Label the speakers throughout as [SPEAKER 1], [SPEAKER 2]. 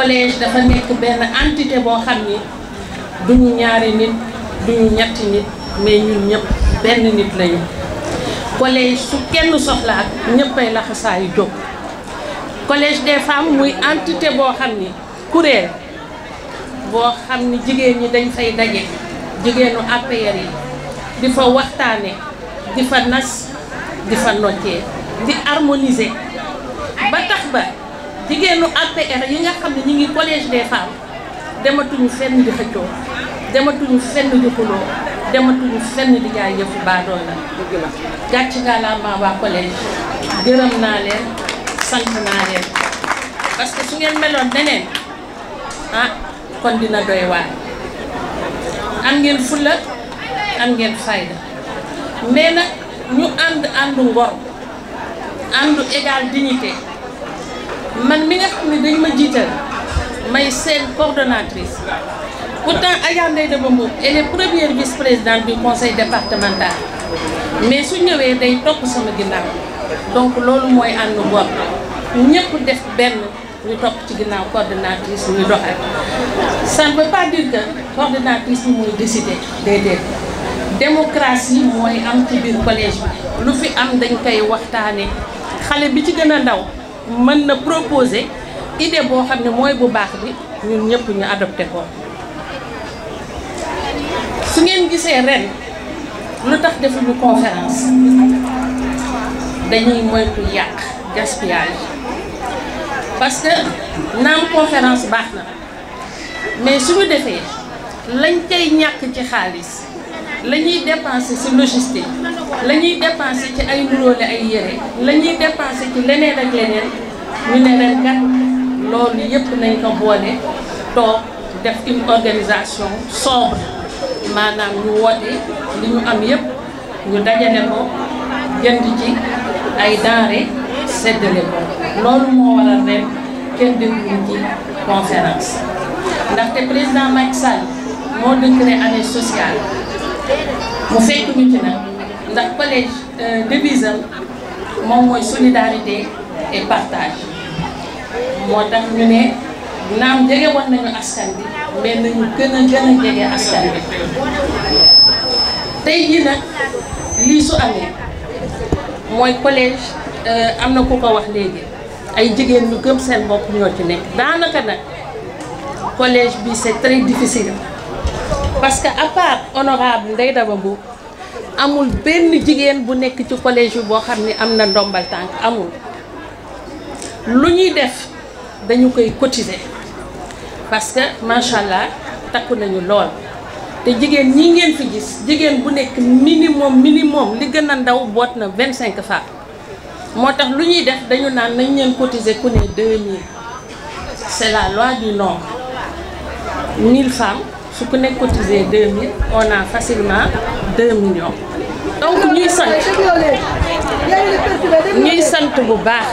[SPEAKER 1] collège dafa nekk benn entité boo xam ni duñu ñaari nit duñu ñetti nit mais ñun ñëpp benn nit lañu collège su kenn soxlaat ñëppay laxasaayu jóg collège des femmes muy entité boo xam ni kuréel boo xam ni jigéen ñi dañ fay daje jigéenu APR yi di fa waxtaane di fa nas di fa noccee di harmoniser ba tax ba jigéenu APR yi nga xam ne ñi ngi collège des femmes dematuñu fenn di xëccoo dematuñu fenn di xuloo dematuñu fenn di jaay yëfu baadoo la gàcc ngaalaama waa collège gërëm naa leen sant naa leen parce que su ngeen meloon neneen ah kon dina doy waar am ngeen fulla am ngeen fayda mais nag ñu ànd àndu ngor àndu égal dignité man mi nga xam ne dañ ma jiital may seen coordonnatrice pourtant Adja Ndeye Daba Mbow elle est première vice-présidente du conseil départemental mais su ñëwee day topp sama ginnaaw donc loolu mooy ànd bopp ñëpp def benn ñu topp ci ginnaaw coordonnatrice ñu doxal ça ne veut pas dire que coordonnatrice bi mooy décider déedéet démocratie mooy am ci biir collège bi lu fi am dañ koy waxtaane xale bi ci gën a ndaw mën na proposé idée boo xam ne mooy bu baax bi ñun ñëpp ñu adopté ko su ngeen gisee ren lu tax defuñu conférence dañuy moytu yàq gaspillage parce que naam conférence baax na mais su mu defee lañ cay ñàkk ci xaalis la ñuy dépensé si logistique la ñuy dépensé ci ay nuróole ay yére la ñuy dépensé ci leneen ak leneen ñu ne ren kat loolu yëpp nañ ko boole toog def une organisation sobre maanaam ñu woote li ñu am yëpp ñu dajale ko jënd ci ay denrées séddale ko loolu moo waral ren kenn déglu ci conférence ndaxte président Macky Sall moo décrété année sociale. mu fekk ñu ci nag ndax collège euh, devise moom mooy solidarité et partage moo tax ñu ne naam jege wax nañu askan bi mais nañu gën a gën a jege askan bi tey jii nag lii su amee mooy collège euh, am na ku ko wax léegi ay jigéen ñu gëm seen bopp ñoo ci nekk daanaka nag collège bi c'est très difficile parce que à part honorable Ndeye Daba Mbuub amul benn jigéen bu nekk ci collège yu boo xam ni am na ndombal tànk amul lu ñuy def dañu koy cotiser parce que macha allah takku nañu lool te jigéen ñi ngeen fi gis jigéen bu nekk minimum minimum li gën a ndaw boot na vingt cinq femmes moo tax lu ñuy def dañu naan nañ leen cotiser ku ne deux mille c'est la loi du nombre mille femmes su ku nekk cotisé 2000 on a facilement 2 millions. donc ñuy sant ñuy sant bu baax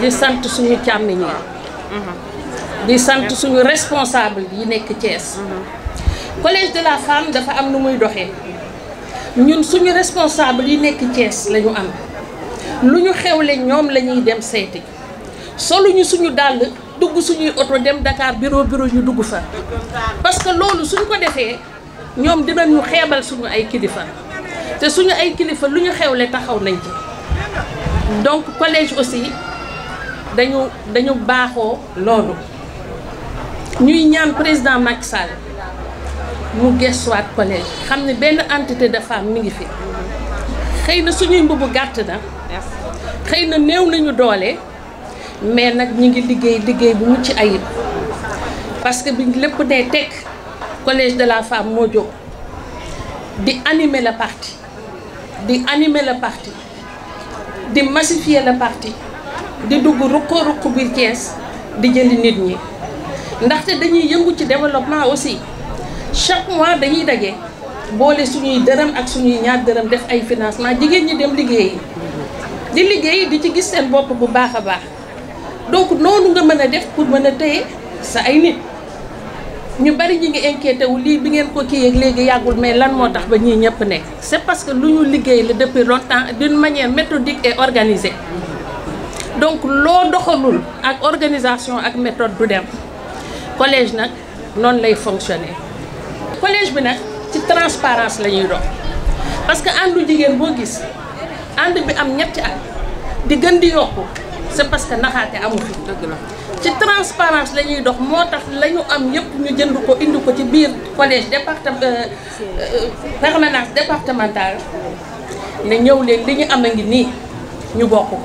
[SPEAKER 1] di sant suñu càmmiñoo yi di sant suñu responsable yi nekk Thiès. collège de la femme dafa am nu muy doxee ñun suñu responsable yi nekk Thiès la ñu am lu ñu xewle ñoom la ñuy dem seeti soluñu suñu dàll. dugg suñuy oto dem Dakar biro bureau ñu dugg fa parce que loolu suñ ko defee ñoom dinañu xeebal suñu ay kilifa te suñu ay kilifa lu ñu xewle taxaw nañ ci donc collège aussi dañu dañu baaxoo loolu ñuy ñaan président Macky Sall mu gestuwaat collège xam ne benn entité de femme mi ngi fi xëy na suñuy mbubu gàtt na xëy na néew nañu doole mais nag ñu ngi liggéey liggéey bu ci ayib parce que bi lépp ne teg collège de la femme moo jóg di animer la parti di animer la parti di massifier la parti di dugg ruqoo ruq biir Thiès di jëli nit ñi ndaxte dañuy yëngu ci développement aussi chaque mois dañuy daje boole suñuy dërëm ak suñuy ñaar dërëm def ay financement jigéen ñi dem liggéeyi di liggéeyi di ci gis seen bopp bu baax a baax donc noonu nga mën a def pour mën a téye sa ay nit ñu bari ñu ngi inquiété wu lii bi ngeen ko kii yeeg léegi yàggul mais lan moo tax ba ñii ñëpp nekk c'est parce que lu ñu liggéey la depuis longtemps d'une manière méthodique et organisée donc loo doxalul ak organisation ak méthode du dem collège nag noonu lay fonctionner collège bi nag ci transparence la ñuy dox parce que àndu jigéen boo gis ànd bi am ñetti at di gën di yokku c'est parce que naxaate amu fi dëgg la ci transparence la ñuy dox moo tax lañu am yëpp ñu jënd ko indi ko ci biir collège département euh, euh, permanence départementale ne ñëw leen li ñu am a ngi nii ñu bokk ko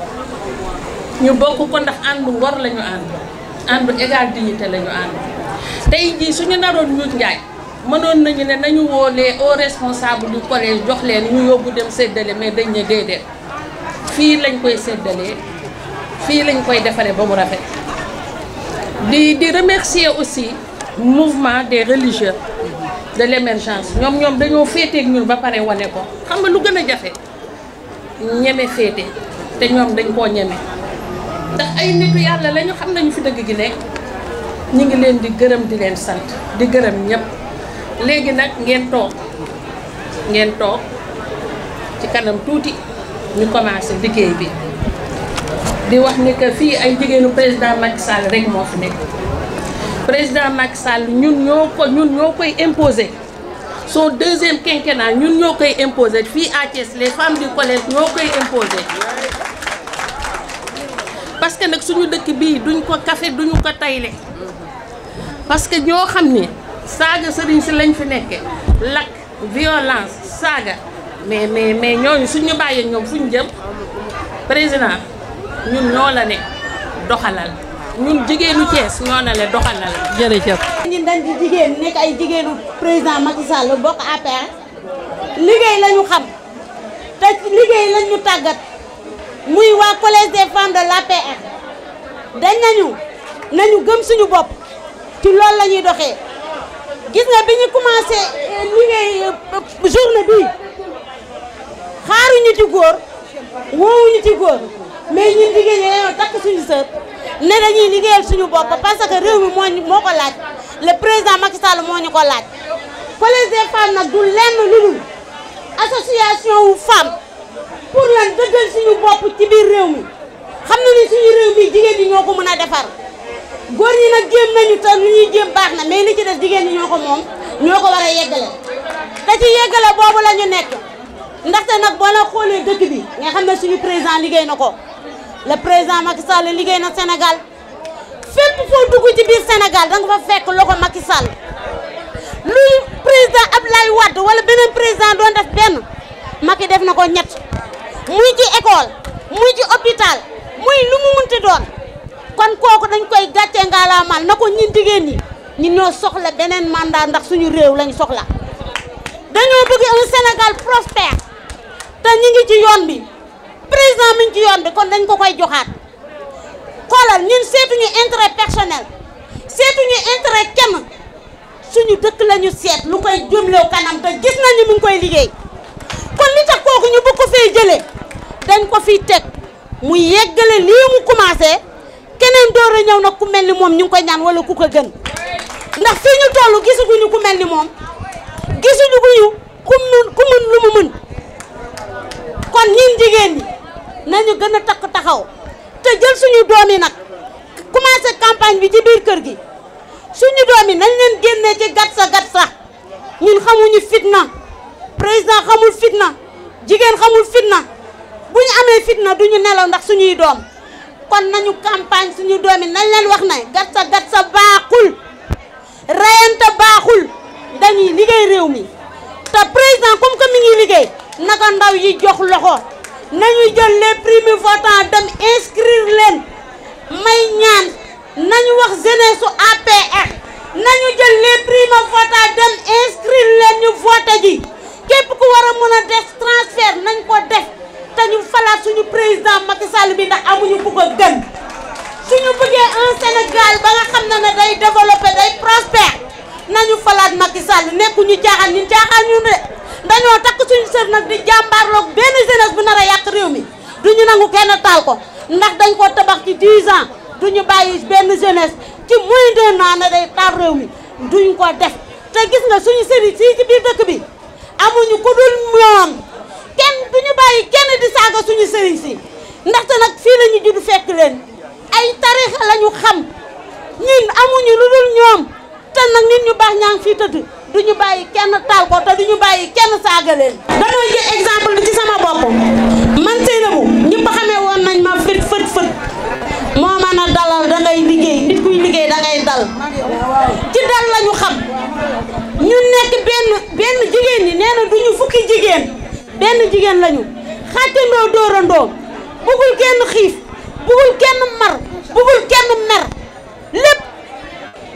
[SPEAKER 1] ñu bokk ko ndax àndu ngor lañu ñu ànd àndu égal dignité la ñu tey jii suñu naroon ñuut njaay mënoon nañu ne nañu woolee au responsable du collège jox leen ñu yóbbu dem séddale mais dañ ne déedéet fii lañ koy seddalee fii lañ koy defaree ba mu rafet di di remercier aussi mouvement des religieux de l'émergence ñoom ñoom dañoo féeteeg ñun ba pare wane ko xam nga lu gën a jafe ñeme féete te ñoom dañ koo ñeme ndax ay nitu yàlla la xam nañu fi dëgg gi nekk ñu ngi leen di gërëm di leen sant di gërëm ñëpp léegi nag ngeen toog ngeen toog ci kanam tuuti ñu commencé liggéey bi di wax ni que fii ay jigéenu président mack Sall rek moo fi nekk président Macky Sall ñun ñoo ko ñun ñoo koy imposé son deuxième quinquennat ñun ñoo koy imposer fii à Thiès les femmes du collège ñoo koy imposer parce que nag suñu dëkk bii duñ ko café duñu ko tayle parce que ñoo xam ni saaga sëriñ si lañ fi nekkee lakk violence saaga mais mais mais ñooñu suñu bàyyee ñoom fuñ jëm président ñun ñoo la ne doxalal ñun jigéenu Thiès ñoo la ne doxalal. jërëjëf.
[SPEAKER 2] ñun dañ di jigéen nekk ay jigéenu président Macky Sall bokk APR liggéey lañu xam te liggéey lañu tàggat muy waa collège des femmes de l'APR dañ nañu nañu gëm suñu bopp ci loolu la doxee gis nga bi ñu commencé euh, liggéey euh, journée bii xaaruñu ci góor woowuñu ci góor. mais ñun jigéen ñi dañoo takk suñu sër ne dañuy liggéeyal suñu parce que réew mi moo ko laaj le président Macky Sall moo ñu ko laaj collège des femmes nag du lenn lu dul association wu femme pour lan dëggal suñu bopp ci biir réew mi xam na ni suñu réew mi jigéen ñi ñoo ko mën a defar góor ñi nag jéem nañu te lu ñuy jéem baax na mais li ci def jigéen ñoo ko moom ñoo ko war a yeggale te boobu la ñu nekk ndaxte nag boo la xoolee dëkk bi nga xam ne suñu président liggéey na ko le président Macky Sall liggéey na Sénégal fépp foo dugg ci biir Sénégal da fa fekk loxo Macky luy président Abdoulaye Wade wala beneen président doon def benn Macky def na ko ñett muy ci école muy ci hôpital muy lu mu doon kon kooku dañ koy gàccee ngaalaamal na ko ñun jigéen ñi ñi soxla beneen mandat ndax suñu réew lañu soxla dañoo bëgg un Sénégal prospère te ñi ngi ci yoon bi président mi ngi bi kon dañ ko koy joxaat xoolal ñun seetuñu intérêt personnel seetuñu intérêt kenn suñu dëkk la seet lu koy jëmlew kanam te gis nañu mi ngi koy liggéey kon li tax kooku ñu ko fee jëlee dañ ko fi teg mu yeggale lii mu commencé keneen door a na nag mel ni moom ñu ngi koy ñaan wala ku ko gën ndax fii ñu toll ni moom gisuñu ku ñu lu mu kon ñun jigéen nañu gën a taxaw te jël suñu doom yi nag commencé campagne bi ci biir kër gi suñu doom yi nañ leen génnee ci gatsa gatsa ñun xamuñu fitna président xamul fitna jigéen xamul fitna bu ñu amee fitna du ñu nelaw ndax suñuy doom kon nañu campagne suñu doom yi nañ leen wax ne gatsa gatsa baaxul reyante baaxul dañuy liggéey réew mi te président comme que mi ngi liggéey naka ndaw yi jox loxo. nañu jël les primo dem inscrire leen may ñaan nañu wax jeunesse su APR nañu jël les primo dem inscrire leen ñu voté ji képp ku war a mën a def transfert nañ ko def te ñu falaat suñu président Macky Sall bi ndax amuñu bu ko gën suñu bëggee un Sénégal ba nga xam ne ne day développé day prospère nañu falaat Macky Sall nekkuñu jaaxal ñu jaaxal ñu de. dañoo takk suñu sër nag di jàmbaarloog benn jeunesse bu nar a yàq réew mi duñu nangu kenn taal ko ndax dañ ko tabax ci 10 ans duñu bàyyi benn jeunesse ci muy de naa ne day taal réew mi duñ ko def te gis nga suñu sëriñ sii ci biir dëkk bi amuñu ku dul jàppale leen. damay jël exemple bi ci sama bopp man Seynabou ñëpp xamee woon nañ ma fët fët fët moo mën a dalal da ngay liggéey nit kuy liggéey da ngay dal ci dal la xam ñu nekk benn benn jigéen ñi nee na du ñu fukki jigéen benn jigéen lañu xàccandoo dóorandoo bugul kenn xiif bugul kenn mar bugul kenn mer lépp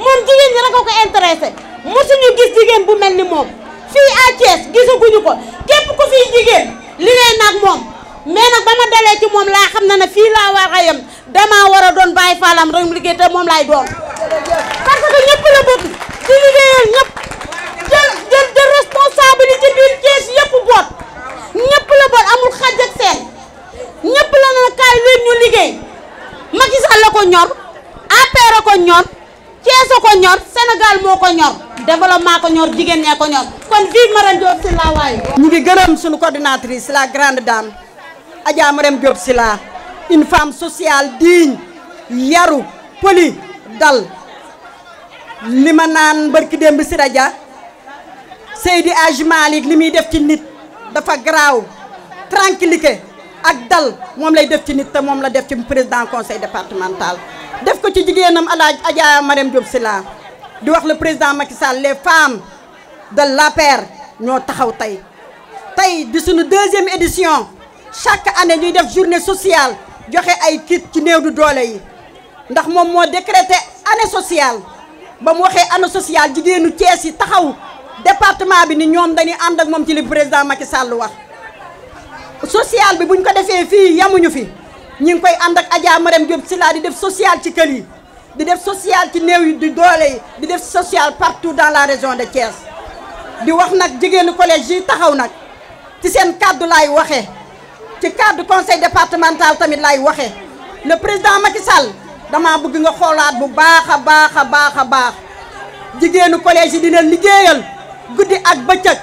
[SPEAKER 2] moom jigéen ñi rek a ko intéressé mosuñu gis jigéen bu mel ni moom. fii à Thiès gisaguñu ko képp ku fiy jigéen liggéey nag moom mais nag ba ma dalee ci moom laa xam ne ne fii laa war a yem war a doon bàyyi faalam rek liggéey te moom laay doon parce que ñëpp la bëgg di liggéeyal ñëpp jël jël jël responsabilité biir Thiès yëpp boot ñëpp la boot amul xaj ak seen ñëpp la na kaay leen ñu liggéey Macky Sall la ko ñor APR ko ñor Thiès ko ñor Sénégal moo ko ñor développement ko
[SPEAKER 3] ñor jigéen ñee ko ñor kon vive Maram Diop Sylla waay. ñu ngi gërëm suñu coordinatrice la grande dame Adja Maram Diop Sylla une femme sociale digne yaru poli dal li ma naan mbërki démb si rajo Seydi Hadji Malick li muy def ci nit dafa garaaw tranquillité ak dal moom lay def ci nit te moom la def ci président conseil départemental def ko ci jigéenam alaaj Adja Maram Diop Sylla di wax la président Macky Sall les femmes de l'APR ñoo taxaw tey tey di suñu deuxième édition chaque année ñuy def journée sociale joxe ay kit ci néew du doole yi ndax moom moo décrété année sociale ba mu waxee année sociale jigéenu Thiès yi taxaw département bi ni ñoom dañuy ànd ak moom ci li président Macky Sall wax social bi buñ ko defee fii yamuñu fi ñu ngi koy ànd ak Adja Marème Diop si laa di def social ci kër yi di def social ci néew yi du doole yi di def social partout dans la région de Thiès di wax nag jigéenu collège yi taxaw nag ci seen kàddu laay waxe ci kàddu conseil départemental tamit laay waxee le président Macky Sall dama bëgg nga xoolaat bu baax a baax a baax a baax jigéenu collège yi dina liggéeyal guddi ak bëccëg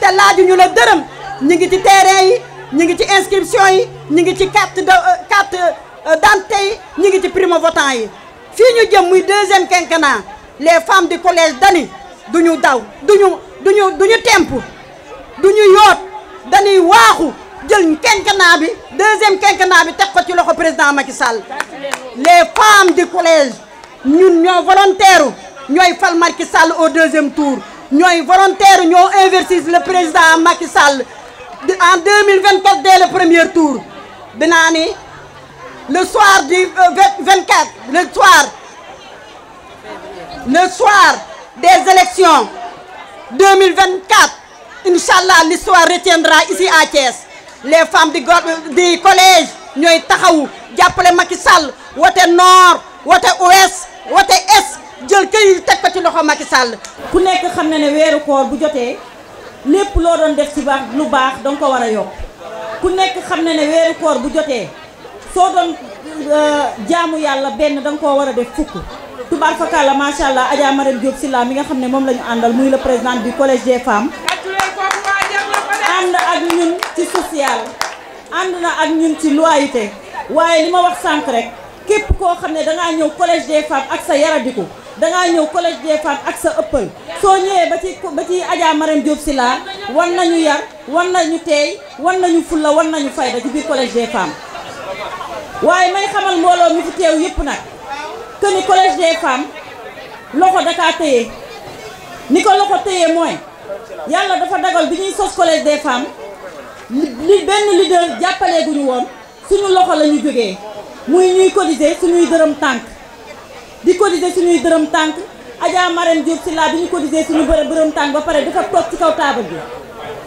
[SPEAKER 3] te laajuñu la dërëm ñu ngi ci terrain yi ñu ngi ci inscription yi ñu ngi ci carte de euh, carte euh, d'identité yi ñu ngi ci primo votant yi fii ñu jëm muy deuxième quinquennat les femmes du collège dani duñu daw duñu duñu ñu temp duñu yoot dañuy waaxu jël quinquennat bi deuxième quinquennat bi teg ko ci loxo président Macky Sall les femmes du collège ñun ñoo volontaire ñooy fal Macky Sall au deuxième tour ñooy volontaire ñoo investir le président Macky Sall en 2024 dès le premier tour dinaa ni le soir du 24 euh, le soir le soir des élections 2024 inchallah l'histoire retiendra ici à Thiès les femmes du du collège ñooy taxawu jàppale Macky sàll wote nord wote ouest wote est jël këyit teg ko ci loxo Macky sàll ku nekk xam
[SPEAKER 4] na ne weeru koor bu jotee lépp loo doon def ci baax lu baax danga ko war a yokk ku nekk xam na ne weeru koor bu jotee soo doon euh, jaamu yàlla benn danga ko war a def fukk. tubaar fakala macha allah Adja Marème Diop Sylla mi nga xam ne moom lañu àndal muy la président du collège des femmes ànd ak ñun ci social ànd na ak ñun ci loyauté waaye li ma wax sànq rek képp koo xam ne dangaa ñëw collège des femmes ak sa yaradiku dangaa ñëw collège des femmes ak sa ëppal soo ñëwee ba ci ba ci Adja Marème Diop Sylla wan nañu yar wan nañu teey wan nañu fulla wan nañu fayda ci biir collège des femmes waaye may xamal mbooloo mi fi teew yépp nag que ni collège des femmes loxo dakaa téye ni ko loxo téye mooy yàlla dafa dagal bi ñuy sos collège de femmes li benn leader jàppalee gu ñu woon suñu loxo la ñu jógee muy ñuy cotiser suñuy dërëm tànk di cotiser suñuy dërëm tànk Adja Marème Diop si laa bi ñu cotiser suñu bërë dërëm tànk ba pare dafa toog ci kaw taabal bi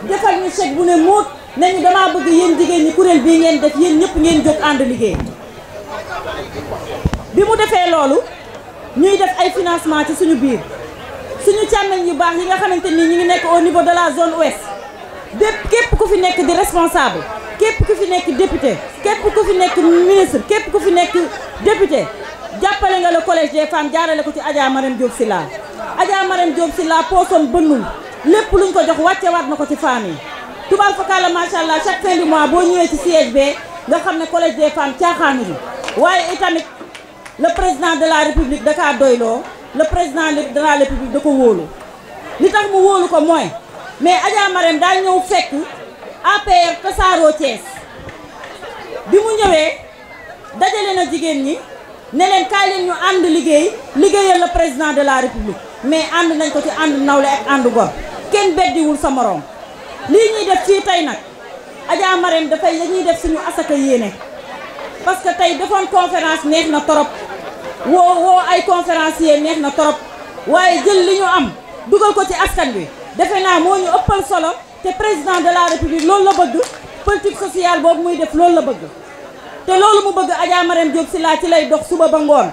[SPEAKER 4] defal ñu chèque bu ne moot nañu damaa bëgg yéen jigéen kuréel bii ngeen def yéen ñëpp ngeen jóg ànd liggéey bi mu defee loolu ñuy def ay financement ci suñu biir suñu càmmeñ yu baax yi nga xamante ni ñu ngi nekk au niveau de la zone ouest bépp képp ku fi nekk di responsable képp ku fi nekk député képp ku fi nekk ministre képp ku fi nekk député jàppale nga le collège des femmes jaarale ko ci Adja Marème Diop Sylla Adja Marème Diop Sylla poosoon bënnul lépp luñ ko jox wàccewaat na ko ci femmes yi tubaab fakala macha allah chaque fin du mois boo ñëwee ci siège bi nga xam ne collège des femmes caaxaanuñu waaye itamit le président de la république da kaa doyloo le président de la république da ko wóolu li tax mu wóolu ko mooy mais Adja Marème daa ñëw fekk APR tasaaroo Thiès bi mu ñëwee dajale na jigéen ñi ne leen kaay leen ñu ànd liggéey liggéeyal le président de la république mais ànd nañ ko ci ànd nawle ak ànd gor kenn beddiwul sa moroom lii ñuy fii tey nag Adja Marème dafay dañuy def suñu asaka yéene parce que tey defoon conférence neex na torop woo woo ay conférencier neex na torop waaye jël li ñu am dugal ko ci askan wi defe naa moo ñu ëppal solo te président de la république loolu la bëgg politique sociale boobu muy def loolu la bëgg te loolu mu bëgg Adja Marème Diop Sylla ci lay dox suba ba ngoon